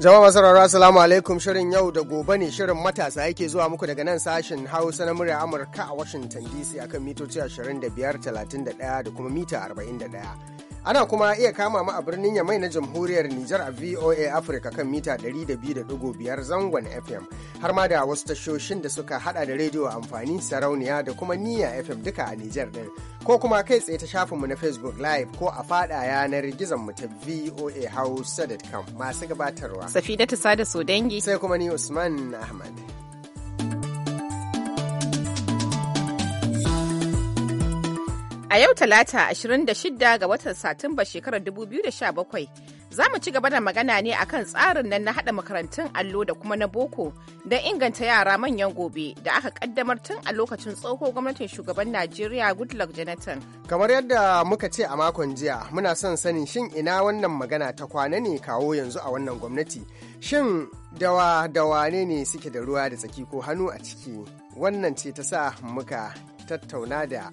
Jama'a masu asalamu alaikum shirin yau da gobe ne shirin matasa yake zuwa muku daga nan sashen Hausa na murya Amurka a Washington DC akan mitoci 25, 31 da kuma mita 41. Ana kuma iya kama mu a birnin Yamai na Jamhuriyar Nijar a VOA Africa kan mita 200.5 zangon FM har ma da wasu tashoshin da suka hada da rediyo amfani sarauniya da kuma niyya FM duka a Nijar din ko kuma kai tsaye ta shafinmu na Facebook Live ko a fada yanar gizon mu ta VOA Hausa.com masu gabatarwa. Safi da Sada dangi. Sai kuma ni Usman Ahmad. A yau Talata 26 ga watan Satumba shekarar 2017 za mu ci gaba da magana ne akan tsarin nan na haɗa makarantun allo da kuma na boko don inganta yara manyan gobe da aka kaddamar tun a lokacin tsoho gwamnatin shugaban Najeriya Goodluck Jonathan. Kamar yadda muka ce a makon jiya muna son sanin shin ina wannan magana ta kwana ne kawo yanzu a wannan gwamnati shin dawa dawa ne suke da ruwa da tsaki ko hannu a ciki wannan ce ta sa muka tattauna da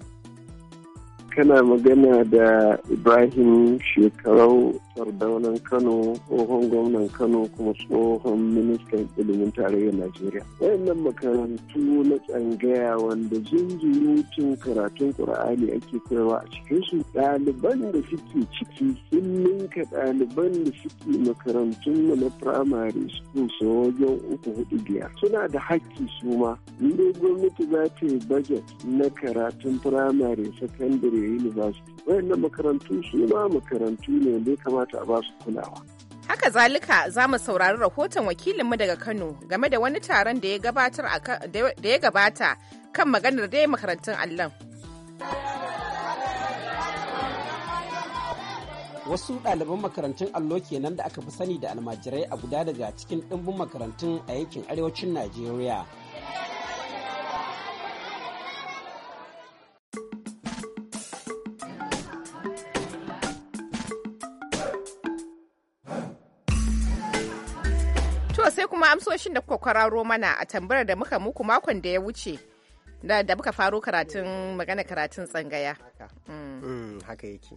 kana magana da Ibrahim shekarau sardaunan kano tsohon gwamnan kano kuma tsohon ministan ilimin tarayyar najeriya wayannan makarantu na tsangaya wanda jinjirutun karatun ƙur'ani ake koyarwa a cikin cikinsu ɗaliban da suke ciki sun ninka ɗaliban da suke makarantun na firamare school su wajen uku hudu biyar suna da hakki su ma gwamnati za ta yi bajet na karatun firamare sakandare university wayannan makarantu su ma makarantu ne da ya kamata kamata ba su kulawa. Haka zalika za mu saurari rahoton wakilinmu daga Kano game da wani taron da ya gabata kan maganar dai makarantun allon. wasu ɗaliban makarantun allo kenan da aka fi sani da almajirai a guda daga cikin ɗimbin makarantun a yankin arewacin najeriya kuma amsoshin da kuka kwararo mana a tambayar da muka muku makon da ya wuce da muka faro karatun magana karatun tsangaya mm. Mm, haka yake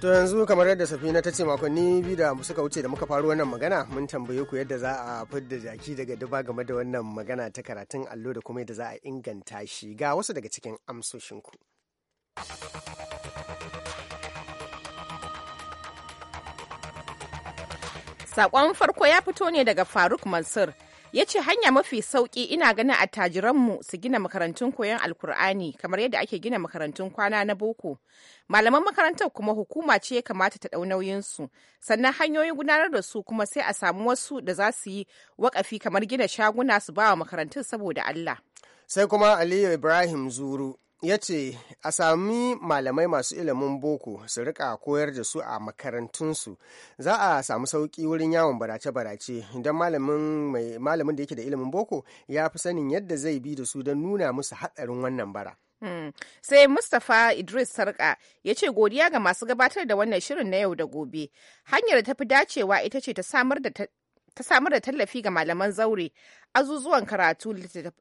to yanzu kamar yadda safina ta ce makonni biyu da suka wuce da muka faru wannan magana mun tambaye ku yadda za a fidda jaki daga duba game da wannan magana ta karatun allo da kuma yadda za a inganta shi ga wasu daga cikin amsoshinku. Sakon farko ya fito ne daga Faruk Mansur. Ya ce hanya mafi sauki ina ganin attajiranmu su gina makarantun koyon alkur'ani kamar yadda ake gina makarantun kwana na boko. Malaman makarantar kuma hukuma ce ya kamata ta ɗau su sannan hanyoyin gudanar da su kuma sai a samu wasu da za su yi wakafi kamar gina shaguna su bawa makarantun saboda Allah. Sai kuma Aliyu Ibrahim Zuru ya ce a sami malamai masu ilimin boko su rika koyar da su a makarantunsu za a samu sauƙi wurin yawon barace-barace don malamin da yake da ilimin boko ya fi sanin yadda zai bi da su don nuna musu haɗarin wannan bara hmm. Sai Mustapha Idris Sarka ya ce godiya ga masu gabatar da wannan shirin na yau da gobe. Hanyar da fi dacewa ita ce ta samar da tallafi ga malaman zaure azuzuwan karatu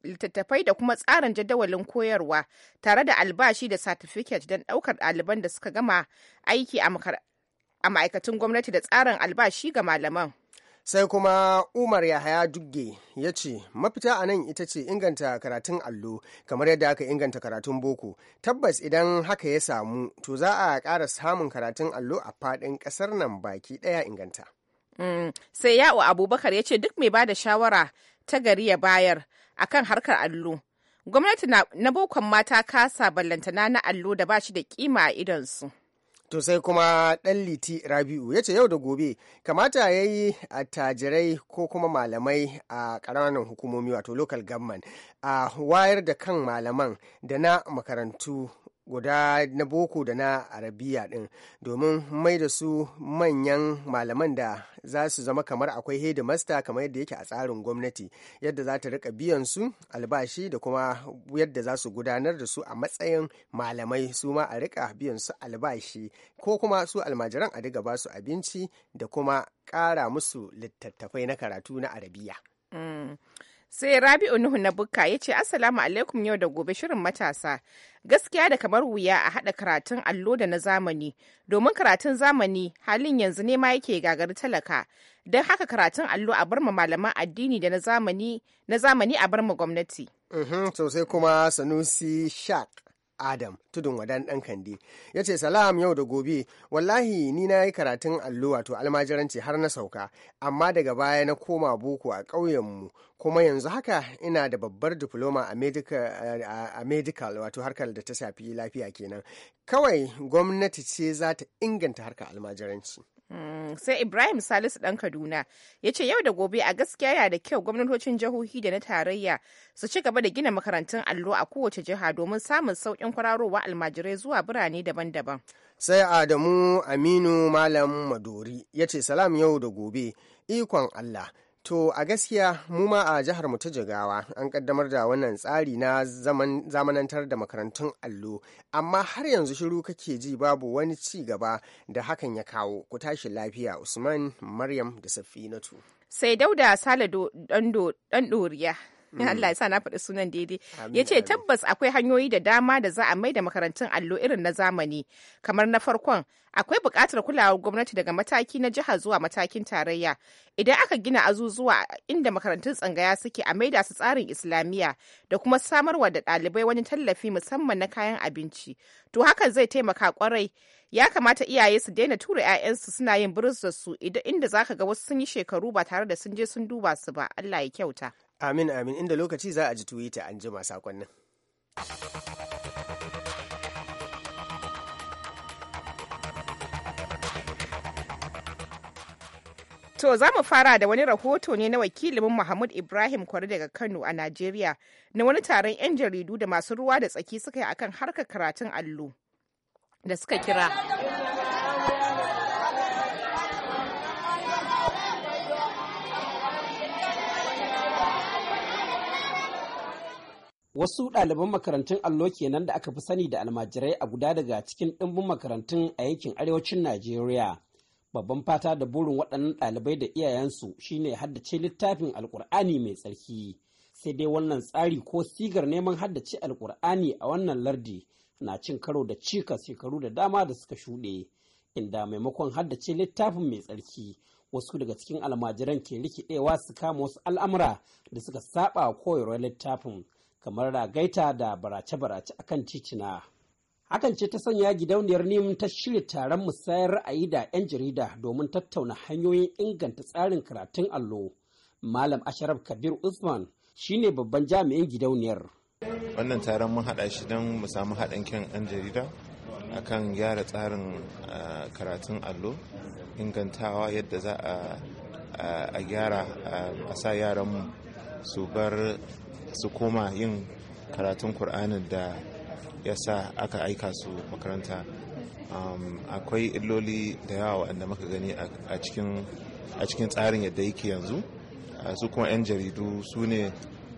littattafai da kuma tsarin jadawalin koyarwa tare da albashi da satifiket don ɗaukar ɗaliban da suka gama aiki a ma'aikatun gwamnati da tsarin albashi ga malaman. sai kuma umar yahaya dugge ya ce mafita a nan ita ce inganta karatun allo kamar yadda aka inganta karatun boko tabbas idan haka ya samu to za a ƙara samun karatun allo a faɗin ƙasar nan baki ɗaya inganta mm, sai ya'o abubakar ya ce duk mai da shawara ta gari ya bayar akan harkar allo gwamnati na bokon mata kasa ballantana na allo da ba shi da kima a idonsu. To sai kuma ɗan liti Rabi'u ya ce yau da gobe kamata ya yi attajirai ko kuma malamai a ƙananan hukumomi wato local government a wayar da kan malaman da na makarantu guda na boko da na arabiya din domin mai da su manyan malaman da za su zama kamar akwai hedimasta kamar yadda yake a tsarin gwamnati yadda za ta rika biyan su albashi da kuma yadda za su gudanar da su a matsayin malamai su ma a rika biyan su albashi ko kuma su almajiran a diga basu abinci da kuma kara musu littattafai na karatu na arabiya. Mm. sai rabi'u nuhu na bukka ya ce assalamu alaikum yau da gobe shirin matasa gaskiya da kamar wuya a haɗa karatun allo da na zamani domin karatun zamani halin yanzu ne ma yake gagari talaka don haka karatun allo a bar malaman addini da na zamani a bar ma gwamnati. sosai mhm, kuma sanusi shak Adam tudun wadan ɗan Kande, ya ce salam yau da gobe wallahi ni na yi karatun allo wato almajiranci har na sauka amma daga baya na koma boko a ƙauyenmu kuma yanzu haka ina da babbar diploma a medical, a medical wato harkar da ta shafi lafiya kenan kawai gwamnati ce za ta inganta harkar almajiranci Mm, sai ibrahim salisu dan kaduna ya ce yau da gobe a gaskiya yana da kyau gwamnatocin jihohi da na tarayya su ci gaba da gina makarantun allo a kowace jiha domin samun sauƙin kwararowa almajirai zuwa birane daban-daban sai adamu aminu malam madori ya ce salam yau da gobe ikon allah To a gaskiya mu ma a jihar mu ta Jigawa an kaddamar da wannan tsari na zamanantar da makarantun allo amma har yanzu shiru kake ji babu wani ci gaba da hakan ya kawo ku tashi lafiya Usman Maryam da Safinatu. Sai Dauda Sale Dandoriya in mm. Allah ya sa na faɗi sunan daidai ya ce tabbas akwai hanyoyi da dama da za a mai da makarantun allo irin na zamani kamar na farkon akwai buƙatar kulawar gwamnati daga mataki na jiha zuwa matakin tarayya idan aka gina azuzuwa inda makarantun tsangaya suke a maida su tsarin islamiyya da kuma samarwa da ɗalibai wani tallafi musamman na kayan abinci to hakan zai taimaka kwarai ya kamata iyaye su daina tura 'ya'yansu suna yin biris su inda zaka ga wasu sun yi shekaru ba tare da sun je sun duba su ba Allah ya kyauta Amin amin inda lokaci za a ji tuwita an jima sakonnin. To za mu fara da wani rahoto ne na wakilin muhammad Ibrahim Kwari daga Kano a Najeriya na wani taron 'yan jaridu da masu ruwa da tsaki suka yi akan harkar karatun allo da suka kira wasu ɗaliban makarantun allo kenan da aka fi sani da almajirai a guda daga cikin ɗimbin makarantun a yankin arewacin najeriya babban fata da burin waɗannan ɗalibai da iyayensu shine haddace littafin alkur'ani mai tsarki sai dai wannan tsari ko sigar neman haddace alkur'ani a wannan lardi na cin karo da cika shekaru da dama da suka shuɗe inda maimakon haddace littafin mai tsarki wasu daga cikin almajiran ke rikidewa su kama wasu al'amura da suka saba koyarwar littafin kamar ragaita da barace-barace akan titina. Hakan ce ta sanya gidauniyar neman ta shirya taron musayar ra'ayi da 'yan jarida domin tattauna hanyoyin inganta tsarin karatun allo. Malam Asharaf Kabir Usman shine babban jami'in gidauniyar. Wannan taron mun haɗa shi don mu samu haɗin kyan 'yan jarida akan gyara tsarin karatun allo ingantawa yadda za a gyara a sa yaranmu su bar su koma yin karatun kur'anin da ya sa aka aika su makaranta um, akwai illoli da yawa waɗanda muka gani a cikin tsarin yadda yake yanzu su kuma 'yan jaridu su ne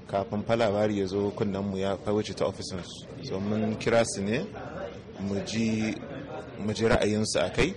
kafin falabari ya zo mu ya wuce ta ofisinsu so mun kira su ne mu ji ra'ayinsu a kai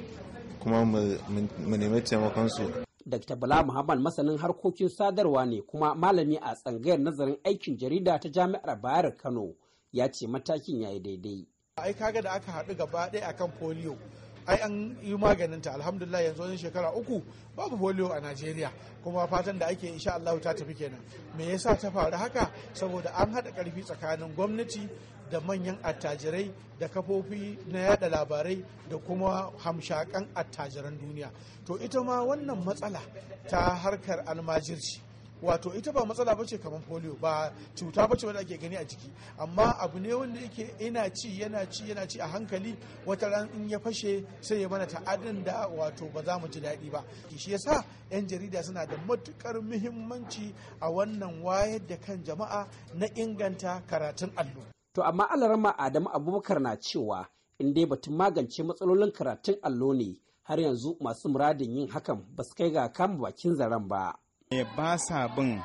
kuma mu nemi taimakonsu Dr. Bala Muhammad masanin harkokin sadarwa ne kuma malami a tsangayar nazarin aikin jarida ta Jami'ar Bayar Kano ya ce matakin ya yi daidai. Ai kaga da aka haɗu gaba ɗaya akan polio. ai an yi maganinta alhamdulillah yanzu wajen shekara uku babu polio a najeriya kuma fatan da ake insha Allah ta tafi kenan me yasa ta faru haka saboda an haɗa ƙarfi tsakanin gwamnati da manyan attajirai da kafofi na yada labarai da kuma hamshakan attajiran duniya to ita ma wannan matsala ta harkar almajirci wato ita ba matsala bace kamar polio ba cuta bace wanda ake gani a jiki amma abu ne wanda yake ina ci yana ci yana ci a hankali wata ran in ya fashe sai ya mana ta'adin da wato ba za mu ji daɗi ba shi yasa yan jarida suna da matukar muhimmanci a wannan wayar da kan jama'a na inganta karatun allo To amma Alarama Adamu Abubakar na cewa in dai batun magance matsalolin karatun allo ne har yanzu masu muradin yin hakan ba su kai ga kama bakin zaren ba. Me Ba sa bin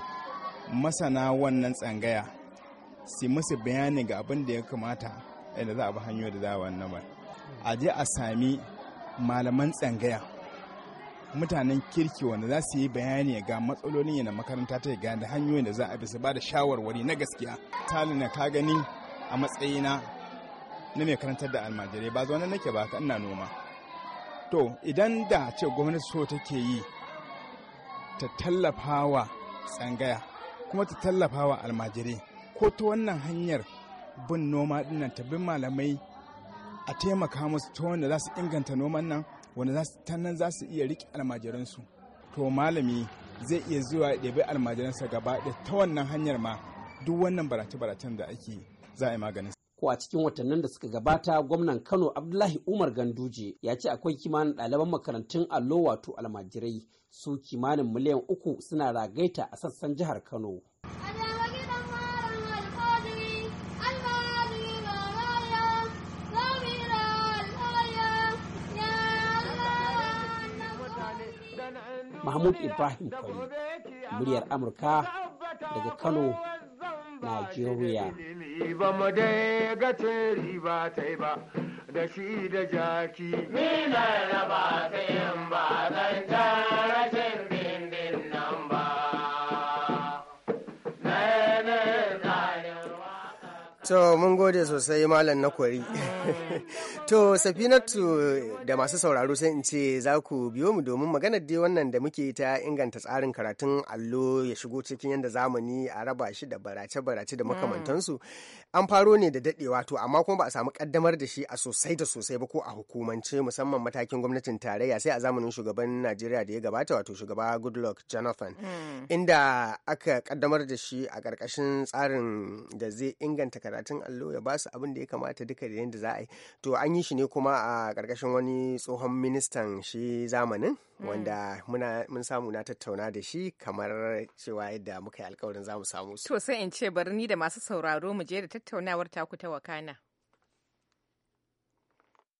masana wannan tsangaya su musu bayani ga abin da ya kamata da za a bi hanyoyi da za a wannan ba. A je a sami malaman tsangaya mutanen kirki wanda za su yi bayani ga matsalolin yana makaranta ta da hanyoyin da za a bi su ba da shawarwari na gaskiya. Talina ka gani a matsayina na mai karantar da almajirai ba zaune nake ba ka ina noma to idan da ce gwamnati so take yi ta tallafa wa tsangaya kuma ta tallafa wa almajirai ko ta wannan hanyar bin noma dinnan ta bin malamai a taimaka musu ta wanda za su inganta noman nan wanda su tannan za su iya riƙe almajiransu to malami zai iya zuwa ɗabi ɗebi almajiransa gaba da ta wannan hanyar ma duk wannan barace-baracen da ake yi za a yi maganin ko a cikin watannin da suka gabata gwamnan kano abdullahi umar ganduje ya ce akwai kimanin ɗaliban makarantun allo wato almajirai su kimanin miliyan uku suna ragaita a sassan jihar kano Mahmud Ibrahim Kwari, muryar Amurka daga Kano, Najeriya. da shi da jaki. Ni na ba ta yin ba zan To mun gode sosai malam na kwari. to safinatu da masu sauraro sai in ce za ku biyo mu domin maganar dai wannan da muke ta inganta tsarin karatun allo ya shigo cikin yadda zamani a raba shi da barace-barace da mm. makamantansu. An faro ne da daɗewa to amma kuma ba a samu kaddamar da shi a sosai da sosai ba ko a hukumance musamman matakin gwamnatin tarayya sai a zamanin shugaban Najeriya da ya gabata wato shugaba Goodluck Jonathan. Mm. Inda aka kaddamar da shi a ƙarƙashin tsarin da zai inganta karatun karatun allo ya basu abin da ya kamata duka da yadda za a yi to an yi shi ne kuma a karkashin wani tsohon ministan shi zamanin mm. wanda mun samu na tattauna da shi kamar cewa yadda muka yi alkawarin za mu samu su to sai in ce bari ni da masu sauraro mu je da tattaunawar taku ta wakana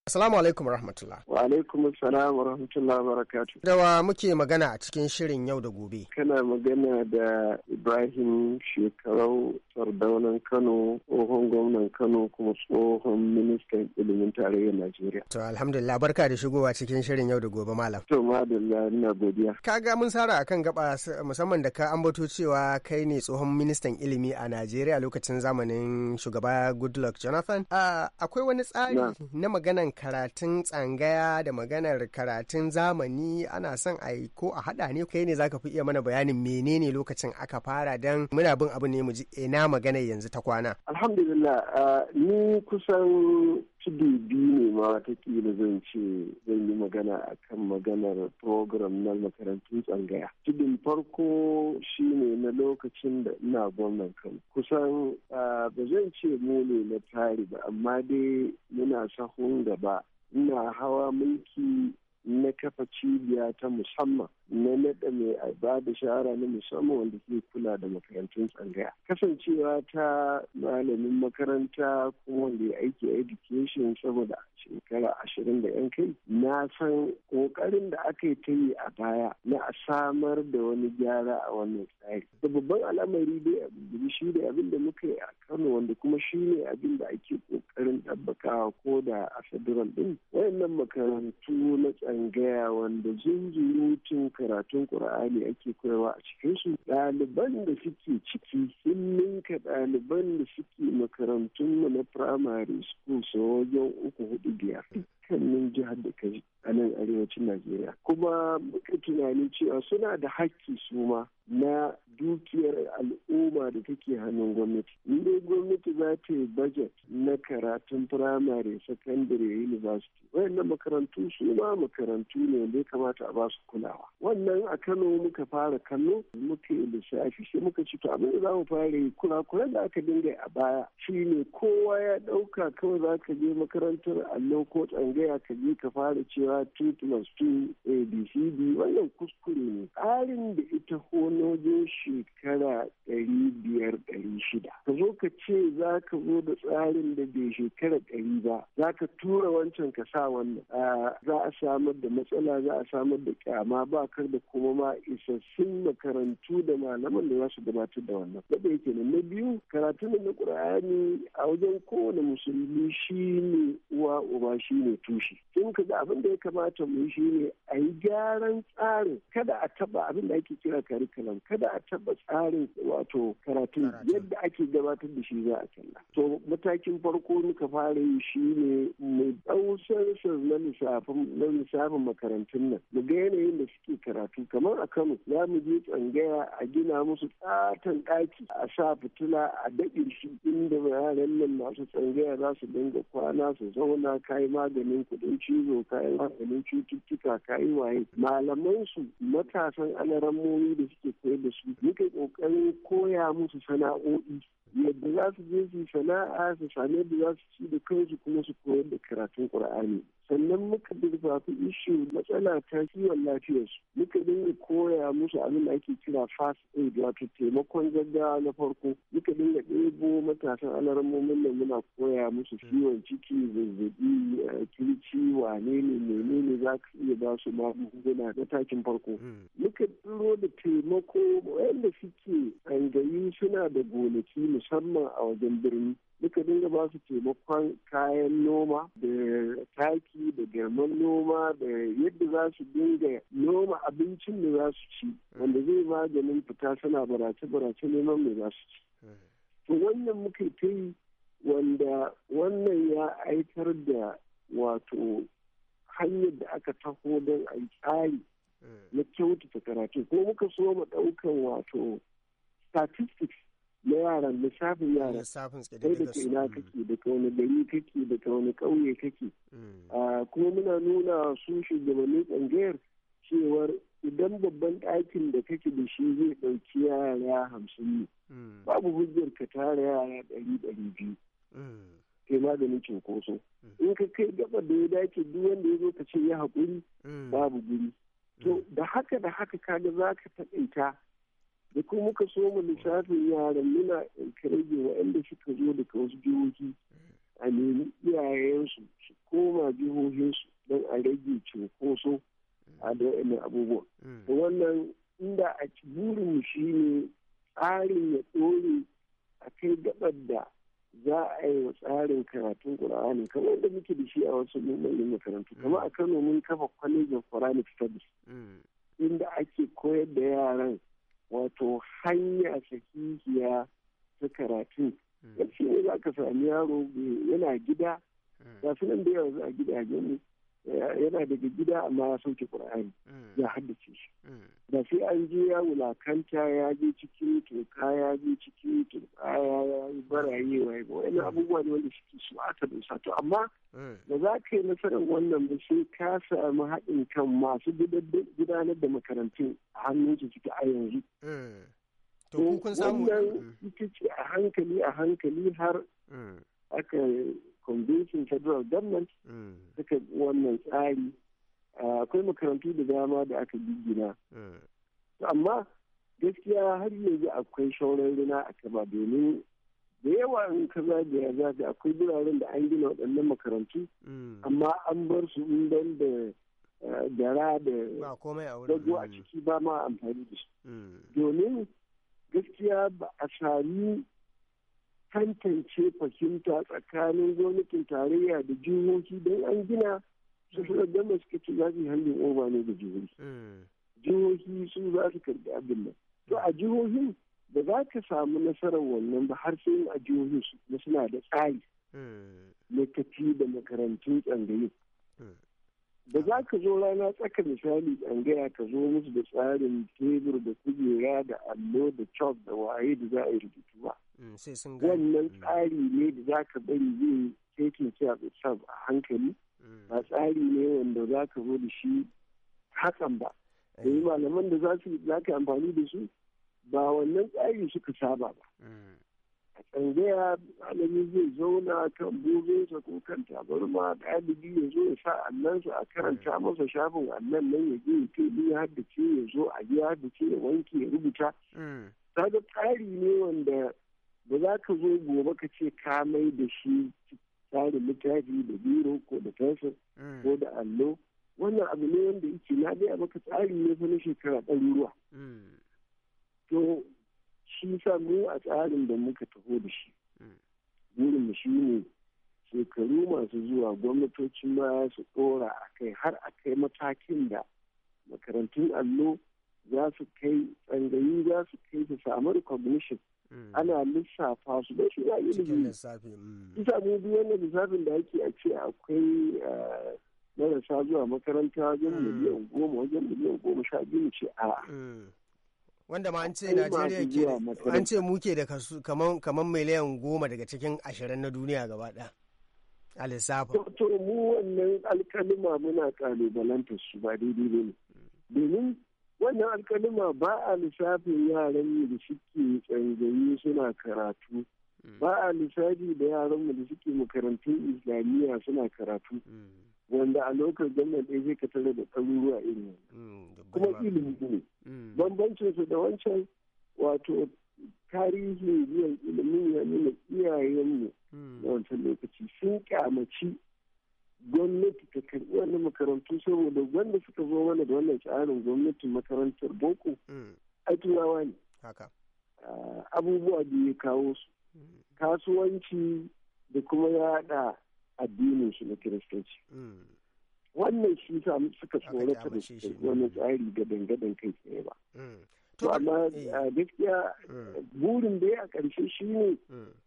Assalamu alaikum rahmatullah. Wa alaikum assalam wa rahmatullah wa barakatuh. Dawa muke magana a cikin shirin yau da gobe. Kana magana da Ibrahim Shekarau Sardaunan Kano, tsohon gwamnan Kano kuma tsohon ministan ilimin tarayyar Najeriya. To alhamdulillah barka da shigowa cikin shirin yau da gobe malam. To madalla ina godiya. Ka ga mun sara akan gaba musamman da ka ambato cewa kai ne tsohon ministan ilimi a Najeriya lokacin zamanin shugaba Goodluck Jonathan. Ah, akwai wani tsari na maganan karatun tsangaya da maganar karatun zamani ana son a ko a haɗa ne kai ne zaka fi iya mana bayanin menene lokacin aka fara dan muna bin abu ne mu ji ina magana yanzu ta kwana alhamdulillah eh, ni kusan tudu biyu ne ma watakila zan ce zan yi magana a kan maganar program na makarantun tsangaya. Tudun farko shine na lokacin da ina gwamnan kan kusan ba zan ce mu ne na tari ba amma dai muna sahun gaba ina hawa mulki na kafa cibiya ta musamman na naɗa mai ba da shahara na musamman wanda ke kula da makarantun tsangaya. Kasancewa ta malamin makaranta kuma wanda ya aiki a education saboda shekara ashirin da yan kai na san ƙoƙarin da aka yi ta yi a baya na a samar da wani gyara a wannan tsari. Da babban al'amari dai a shi da abin da muka yi a Kano wanda kuma shi ne abin da ake ƙoƙarin ɗabbakawa ko da a saduran din? Wayannan makarantu na tsangaya wanda jinjirutun karatun ƙur'ani ake koyarwa a cikinsu ɗaliban da suke ciki sun ninka ɗaliban da suke makarantunmu na firamare school sau wajen uku hudu biyar dukkanin jihar da kai a nan arewacin najeriya kuma muka tunani cewa suna da hakki su ma na dukiyar al'umma da take hannun gwamnati inda gwamnati za ta yi budget na karatun firamare sakandare university wayannan makarantu su ma makarantu ne da ya kamata a basu kulawa wannan a kano muka fara kano. muka yi lissafi sai muka ci to abin da za mu fara yi kula da aka dinga a baya shine kowa ya ɗauka kawai za ka je makarantar allo ko tsangon tsangaya ka je ka fara cewa 2 plus 2 abcd wannan kuskure ne tsarin da ita honojo shekara 500-600 ka zo ka ce za ka zo da tsarin da bai shekara 100 ba za ka tura wancan ka sa wannan za a samar da matsala za a samar da kyama ba kar da kuma ma isassun makarantu da malaman da za su gabatar da wannan da yake na biyu karatun na qur'ani a wajen kowane musulmi shi ne uwa uba shi ne tushe sun ka ga abin da ya kamata mu yi shine a yi gyaran tsarin kada a taba abin da ake kira curriculum kada a taba tsarin wato karatu yadda ake gabatar da shi za a kalla to matakin farko muka fara yi shine mu dau sansar na lissafin na lissafin makarantun nan mu ga yanayin da suke karatu kamar a Kano za mu je tsangaya a gina musu katon ɗaki a sa fitila a daɗe shi inda yaran nan masu tsangaya za su dinga kwana su zauna kai magani maganin kuɗin cizo kayan maganin cututtuka kayi waye malaman su matasan alarammomi da suke koyar da su muke ƙoƙarin koya musu sana'o'i yadda za su je su sana'a su same da za su ci da kansu kuma su koyar da karatun ƙur'ani sannan muka durfafi ishu matsala ta kiwon lafiyarsu muka dinga koya musu abin da ake kira fast aid wato taimakon gaggawa na farko muka dinga ɗebo matasan alarmomin nan muna koya musu ciwon ciki zazzabi eh, kirci wane ne ne za ka iya ba su magunguna na takin farko hmm. muka ɗoro da taimako wanda suke angayi suna da gonaki musamman a wajen birni duka dinga ba su taimakon kayan noma da taki da girman noma da yadda za su dinga noma abincin da za su ci wanda zai maganin fita suna barace-barace neman mai za su ci to wannan muka ta yi wanda wannan ya aikar da wato hanyar da aka taho don a tsari hmm. na kyautata karatu ko muka so mu ɗaukan wato statistics na yaran lissafin yara kai da ina mm. kake da wani gari kake da wani ƙauye kake mm. ah, kuma muna nuna su shugabannin tsangayar cewar idan babban ɗakin da kake da shi zai ɗauki yara hamsin ne mm. babu hujjar ka tara yara ɗari ɗari biyu kai maganin cunkoso in ka kai gaba da ya dace duk wanda ya zo ka ce ya haƙuri babu guri to da haka da haka kaga za ka taƙaita da kuma muka so mu lissafin yaran muna rage waɗanda suka zo daga wasu jihohi a nemi iyayensu su koma jihohinsu don a rage cunkoso a da waɗannan abubuwa Da mm. wannan inda a burin shi ne tsarin ya ɗore a kai gabar da za a yi wa tsarin karatun ƙur'ani kamar da muke da shi a wasu manyan makarantu mm. kama a kano mun kafa kwalejin quranic studies mm. inda ake koyar da yaran wato hanya sahihiya ta karatu hmm. yanzu ne za ka sami yaro yana gida hmm. ga su da yawa za a gidajen yana daga gida amma ya sauke kur'ani mm. ya haddace shi mm. da sai an je ya wulakanta ya je cikin toka ya je cikin toka ya yi baraye wa ba wani mm. abubuwa ne wanda suke su aka dosa to amma da za ka yi nasarar wannan ba sai ka samu haɗin kan masu gudanar da makarantun a hannun su suke a yanzu to kun samu wannan ita ce a hankali a hankali har aka convincing federal government suka mm. wannan tsari ah, akwai makarantu da dama da aka gina mm. amma gaskiya har yanzu akwai shauran rina a kaba domin da yawa in ka ya za akwai biraren da an gina waɗannan makarantu mm. amma an bar su in ban da ah, gara da dago a ciki ba ma amfani da su domin gaskiya ba a sami tantance fahimta tsakanin gwamnatin tarayya da jihohi don an gina su mm. suna gama suka ce za su yi hannun oba ne da jihohi mm. jihohi su za su karbi abin nan to a jihohin da za ka samu nasarar wannan ba har sai a jihohin su na suna da tsari mm. na tafi da makarantun tsangayin da za ka zo rana tsaka misali tsangaya ka zo musu da tsarin tebur da kujera da allo da chalk da waye da za a yi rubutu ba Mm, wannan mm. tsari ne da za ka bari zai taking care a hankali mm. ba tsari ne wanda za ka zo da shi hakan ba eh. da yi malaman da za ka amfani da su ba wannan tsari suka saba ba a tsangaya alami zai zauna kan burinsa ko kan tabarma ɗalibi ya zo ya sa allansa a karanta masa shafin allan nan ya je ya tebe ya haddace ya zo a da haddace ya wanke ya rubuta kaga tsari ne wanda ba za ka zo gobe ka ce ka mai da shi tsarin littafi da biro ko da fensir mm. ko da allo wannan abu ne wanda yake na dai a maka tsari ne fa na shekara ɗaruruwa mm. to shi sa mu a tsarin da muka taho da shi mm. burin mu shi ne shekaru masu zuwa gwamnatocin baya su ɗora a kai har a kai matakin da makarantun allo za su kai tsangayi za su kai su samu recognition Mm. ana lissafa su da shi ya ilimi mm. isa mu duk wannan lissafin da ake a ce akwai eh, marasa zuwa makaranta wajen mm. miliyan goma wajen miliyan goma sha biyu ce a wanda ma an ce Najeriya ke an ce mu ke da kaman kaman miliyan goma daga cikin ashirin na duniya gaba ɗaya a lissafin. To mu wannan alkalima muna kalubalantar su ba daidai ba ne. Domin wannan alkalima ba a lissafin yaran da suke tsangayi suna karatu mm. ba a lissafi da yaran mu da suke makarantun islamiyya suna karatu mm. wanda a lokacin gwamnan ɗaya zai ka tare da ɗaruruwa irin mm, kuma ilimi ne bambancin su da wancan wato tarihin biyan ilimin ya nuna iyayenmu da wancan lokaci sun kyamaci gwamnati ta karbi wani makarantu saboda wanda suka zo mana da wannan tsarin gwamnatin makarantar boko mm. a turawa ne ah, abubuwa da ya kawo su mm. kasuwanci da kuma ya haɗa addinin shi na kiristoci mm. wannan shi sa suka tsorata da wani tsari ga dangadan kai tsaye ba to amma eh. ah, gaskiya burin da ya a ƙarshe shi ne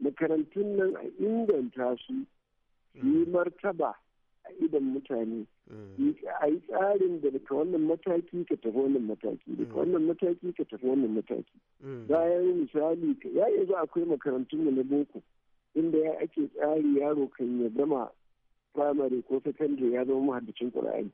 makarantun nan a inganta su yi martaba a idan mutane eh. a yi tsarin da daga wannan mataki ka tafi wannan mataki daga eh. wannan mataki ka tafi wannan mataki eh. bayan misali ya yanzu akwai makarantun mu na boko inda ya ake tsari yaro kan ya zama primary ko sakandare ya zama mahaddacin ƙura'ani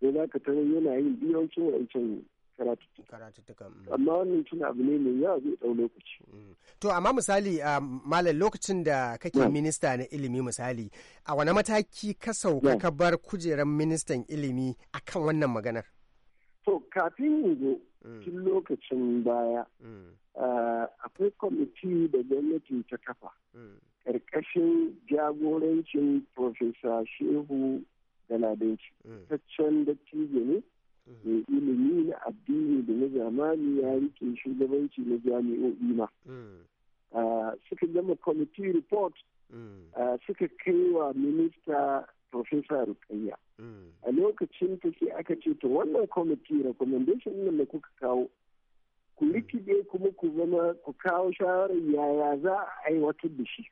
sai za ka tarar yana yin biyancin wancan karatuttuka mm. amma wannan abu ne mai yawa zai ɗau lokaci mm. to amma misali ah, malam lokacin da kake minista na ilimi misali a wani mataki ka sauka ka bar kujerar ministan ilimi akan wannan maganar to kafin zo, mm. tun lokacin baya ah, akwai kwamiti da gwamnati ta kafa ƙarƙashin jagorancin profesa shehu galadanci taccen dattijo ne mai ilimi na addini da na zamani ya rike shugabanci na jami'o'i ma mm. ah, suka gama committee report mm. ah, suka kai wa minista Profesa Rukayya. Mm. A lokacin ta sai aka ce ta wannan kwamiti recommendation nan da kuka kawo ku rikide kuma ku zama ku kawo shawarar yaya za a aiwatar da shi.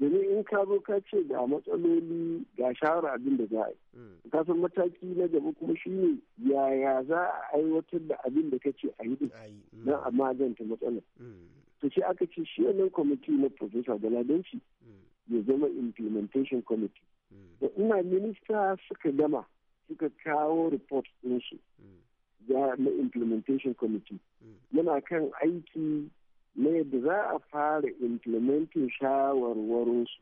domin in ka zo ka ce ga matsaloli ga shawara abin da za a yi hmm. ka san mataki na gaba kuma shi ne yaya za a aiwatar da abin da ka ce a yi din a hmm. maganta matsalar hmm. to shi aka ce shi wannan kwamiti na profesa galadanci ya zama implementation committee da ina minista suka gama suka kawo report ɗinsu na implementation committee yana kan aiki na da za a fara implementin shawarwarinsu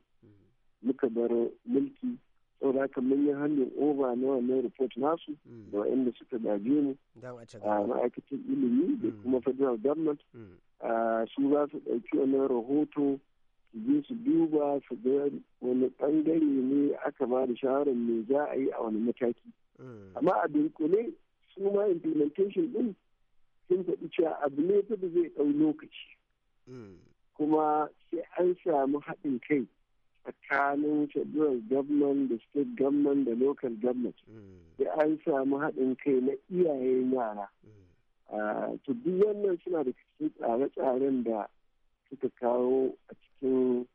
muka bar mulki saboda da aka manyan hannun over na wannan report nasu hmm. da waɗanda suka gaje mu a ma'aikacin ilimi da hmm. kuma federal government hmm. su za su ɗauki wannan rahoto su je su duba su ga wani ɓangare ne aka ba da shawarar me za a yi a wani mataki amma a dunkule su ma implementation ɗin sun faɗi cewa abu ne ta da zai ɗau lokaci kuma sai an samu haɗin kai tsakanin federal government da state government da local government sai an samu haɗin kai na iyayen yara to duk wannan suna da cikin tsare-tsaren da suka kawo a cikin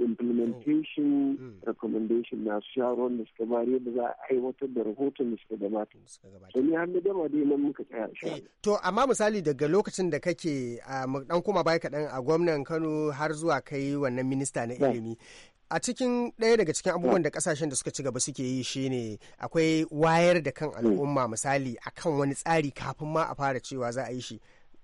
implementation mm. recommendation na shawarar da suka bari da za a aiwatar da rahoton da suka gabata. to ni har na gama dai nan muka tsaya shi. Eh, to amma misali daga lokacin da kake dan kuma bai kaɗan a gwamnan Kano har zuwa kai wannan minista na ilimi. a cikin ɗaya daga cikin abubuwan da kasashen da suka ci gaba suke yi shine akwai wayar da kan mm. al'umma misali akan wani tsari kafin ma a fara cewa za a yi shi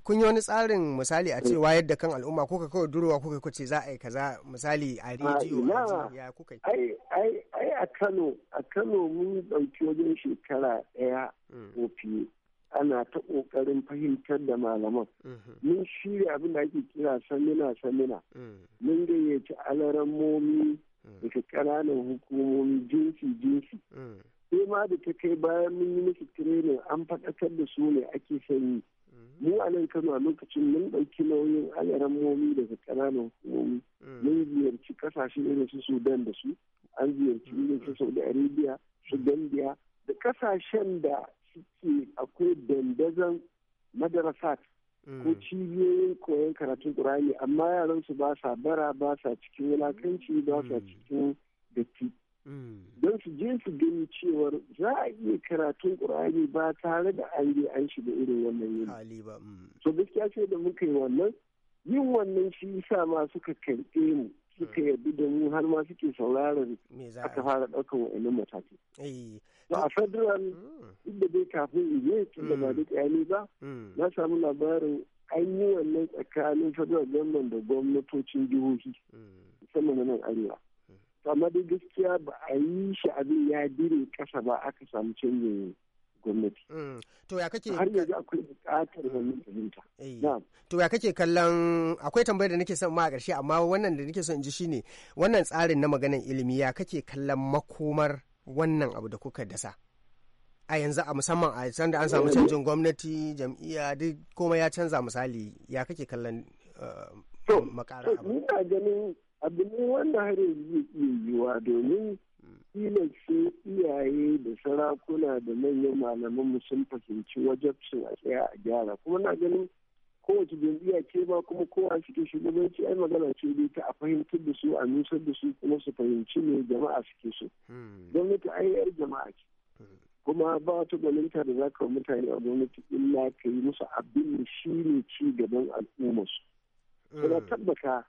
kun yi wani tsarin misali a cewa yadda kan al'umma kuka kawai durowa kuka kuce za a yi kaza misali a ah, rediyo ya kuka yi ai a kano a kano mun ɗauki wajen shekara ɗaya hmm. ko fiye ana ta ƙoƙarin fahimtar da malaman hmm. mun shirya abin da ake kira samina samina hmm. mun gayyaci da daga ƙananan hukumomi jinsi jinsi sai ma da ta kai bayan mun yi musu tirenin an faɗakar da su ne ake sanyi mu a nan kano a lokacin mun ɗauki nauyin ayaran momi daga ƙananan hukumomi mm. mun ziyarci ƙasashen irin su sudan da su an ziyarci mm. irin su saudi arabia su mm. gambia da ƙasashen da suke akwai dandazon madarasat ko cibiyoyin koyon karatun ƙur'ani amma yaran su ba sa bara ba sa cikin wulakanci ba sa cikin datti Mm. don su je su gani cewar za a iya karatun ƙur'ani ba tare da an je an shiga irin wannan yanayi. Mm. So gaskiya ce da muka yi wannan yin wannan shi sa ma suka karɓe mu suka mm. yarda da mu har ma suke sauraron aka fara ɗaukar wa'annan matakai. ba eh. a federal inda dai kafin in tunda ba duk ne ba na samu labarin an yi wannan tsakanin federal government da gwamnatocin jihohi musamman nan arewa. amma gaskiya ba a yi shi abin ya dire kasa ba aka samu canjin gwamnati. Mm. To ya kake har yanzu akwai bukatar wannan fahimta. Eh. To ya kake kallon akwai tambayar da nake son ma a ƙarshe amma wannan da nake son in ji shine wannan tsarin na maganan ilimi ya kake kallon makomar wannan abu da kuka dasa. A yanzu a musamman a sanda an samu canjin gwamnati jam'iyya duk komai ya canza misali ya kake kallon eh, makara abu. abu ne wanda har yanzu iya yiwuwa domin tilasce iyaye da sarakuna da manyan malamanmu sun fahimci wajabcin a tsaya a gyara kuma na ganin kowace jam'iyya ce ba kuma kowa suke shugabanci ai magana ce dai ta a fahimtar da su a nusar da su kuma su fahimci ne jama'a suke so hmm. gwamnati ai yar jama'a ce hmm. kuma ba wata gwaninta da za ka mutane a gwamnati illa ka yi musu abin da shi ne ci gaban su Kuna hmm. tabbata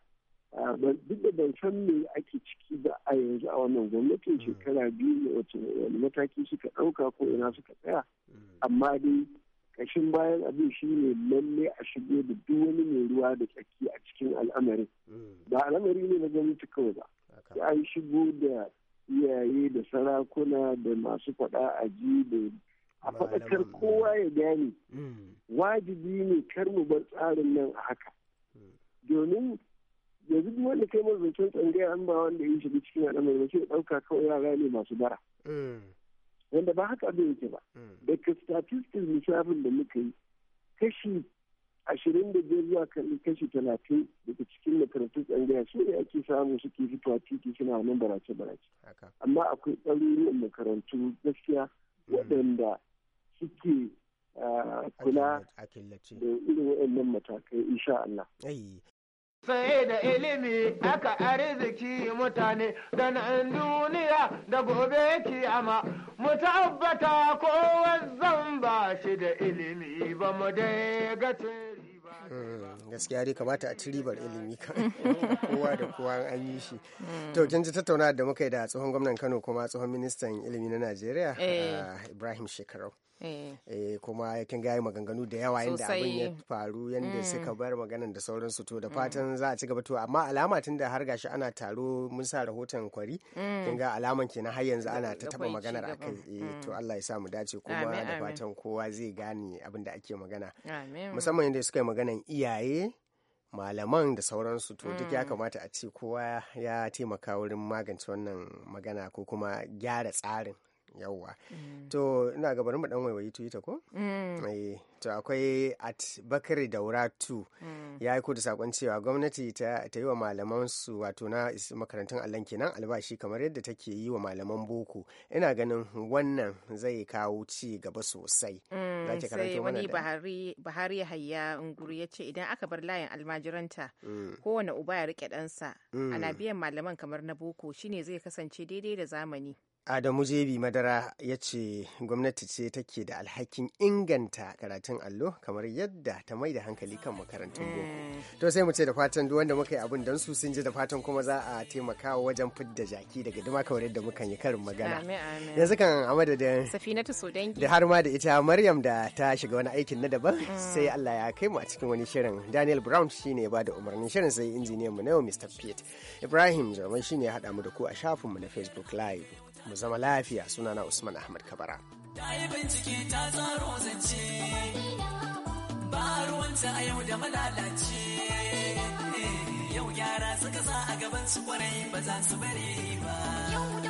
duk da ban san me ake ciki ba a yanzu a wannan gwamnatin hmm. shekara biyu ne wani mataki suka ɗauka ko ina suka tsaya hmm. amma dai kashin bayan abin shi ne lalle a shigo da duk wani mai ruwa da tsaki a cikin al'amari hmm. ba al'amari ne na gwamnati kawai ba sai an shigo da iyaye da sarakuna da masu faɗa a ji da a faɗakar kowa ya gane wajibi ne kar mu bar tsarin nan a haka domin yanzu duk wanda kai mazuncin tsangaya an ba wanda ya shiga cikin al'amari ba sai ɗauka kawai yara ne masu bara mm. wanda ba haka abin yake ba mm. daga statistics lissafin da muka yi kashi ashirin da biyar zuwa kashi talatin daga cikin makarantun tsangaya su ne ake samu suke fitowa titi suna nan barace barace amma akwai ɗaruruwan makarantu gaskiya mm. waɗanda suke ah, kula da irin waɗannan matakai insha Allah. saye da ilimi aka arziki mutane da nan duniya da gobe kiyama mu tabbata ko zan ba shi da ilimi ba mu dai ga hmm, gaskiya dai kamata a ci ribar ilimi kan kowa da kowa an yi shi to kin ji tattauna da muka yi da tsohon gwamnan Kano kuma tsohon ministan ilimi na Najeriya eh. ah, Ibrahim Shekarau Eh. Eh, kuma kin ga maganganu da yawa yadda abin ya faru yadda mm. suka bar maganan da sauransu to da mm. fatan za a ci gaba to amma alama tun da har gashi ana taro mun sa rahoton kwari mm. kin ga alaman kenan har yanzu ana ta taba maganar akai eh, to Allah ya sa mu dace kuma da fatan kowa zai gane abin da ake magana musamman yadda suka yi maganan iyaye malaman da sauransu to duk ya kamata a ce kowa ya taimaka wurin magance wannan magana ko kuma gyara tsarin yawwa mm. to ina ga mu dan waiwayi twitter ko mm. eh, to akwai at bakari daura 2 mm. ya ko da sakon cewa gwamnati ta yi wa malaman su wato na makarantun allon kenan albashi kamar yadda take yi wa malaman boko ina ganin wannan zai kawo ci gaba sosai za ki karanto mana bahari hayya nguri ya ce idan aka bar layin almajiranta kowane uba ya rike ɗansa ana biyan malaman kamar na boko shine zai kasance daidai da zamani Adamu Jebi Madara ya ce gwamnati ce take da alhakin inganta karatun allo kamar yadda ta mai da hankali kan makarantun boko. Eh. To sai mu ce da fatan duk wanda muka yi abin don su sun ji da fatan kuma za a taimaka wajen fidda jaki daga duma kamar yadda muka yi karin magana. Yanzu kan a madadin Safinatu Sodangi da har ma da ita Maryam da ta shiga wani aikin na daban mm. sai Allah ya kai mu a cikin wani shirin. Daniel Brown shine ya bada umarnin shirin sai injiniyan mu na yau Mr. Pete. Ibrahim Jarman shine ya haɗa mu da ku a shafinmu na Facebook Live. mu zama lafiya sunana Usman Ahmad Kabara. Ta yi bincike ta tsaro zance, ba ruwanta a yau da malalace. Eh, yau yara suka sa a gaban su kwarai ba za su bari ba.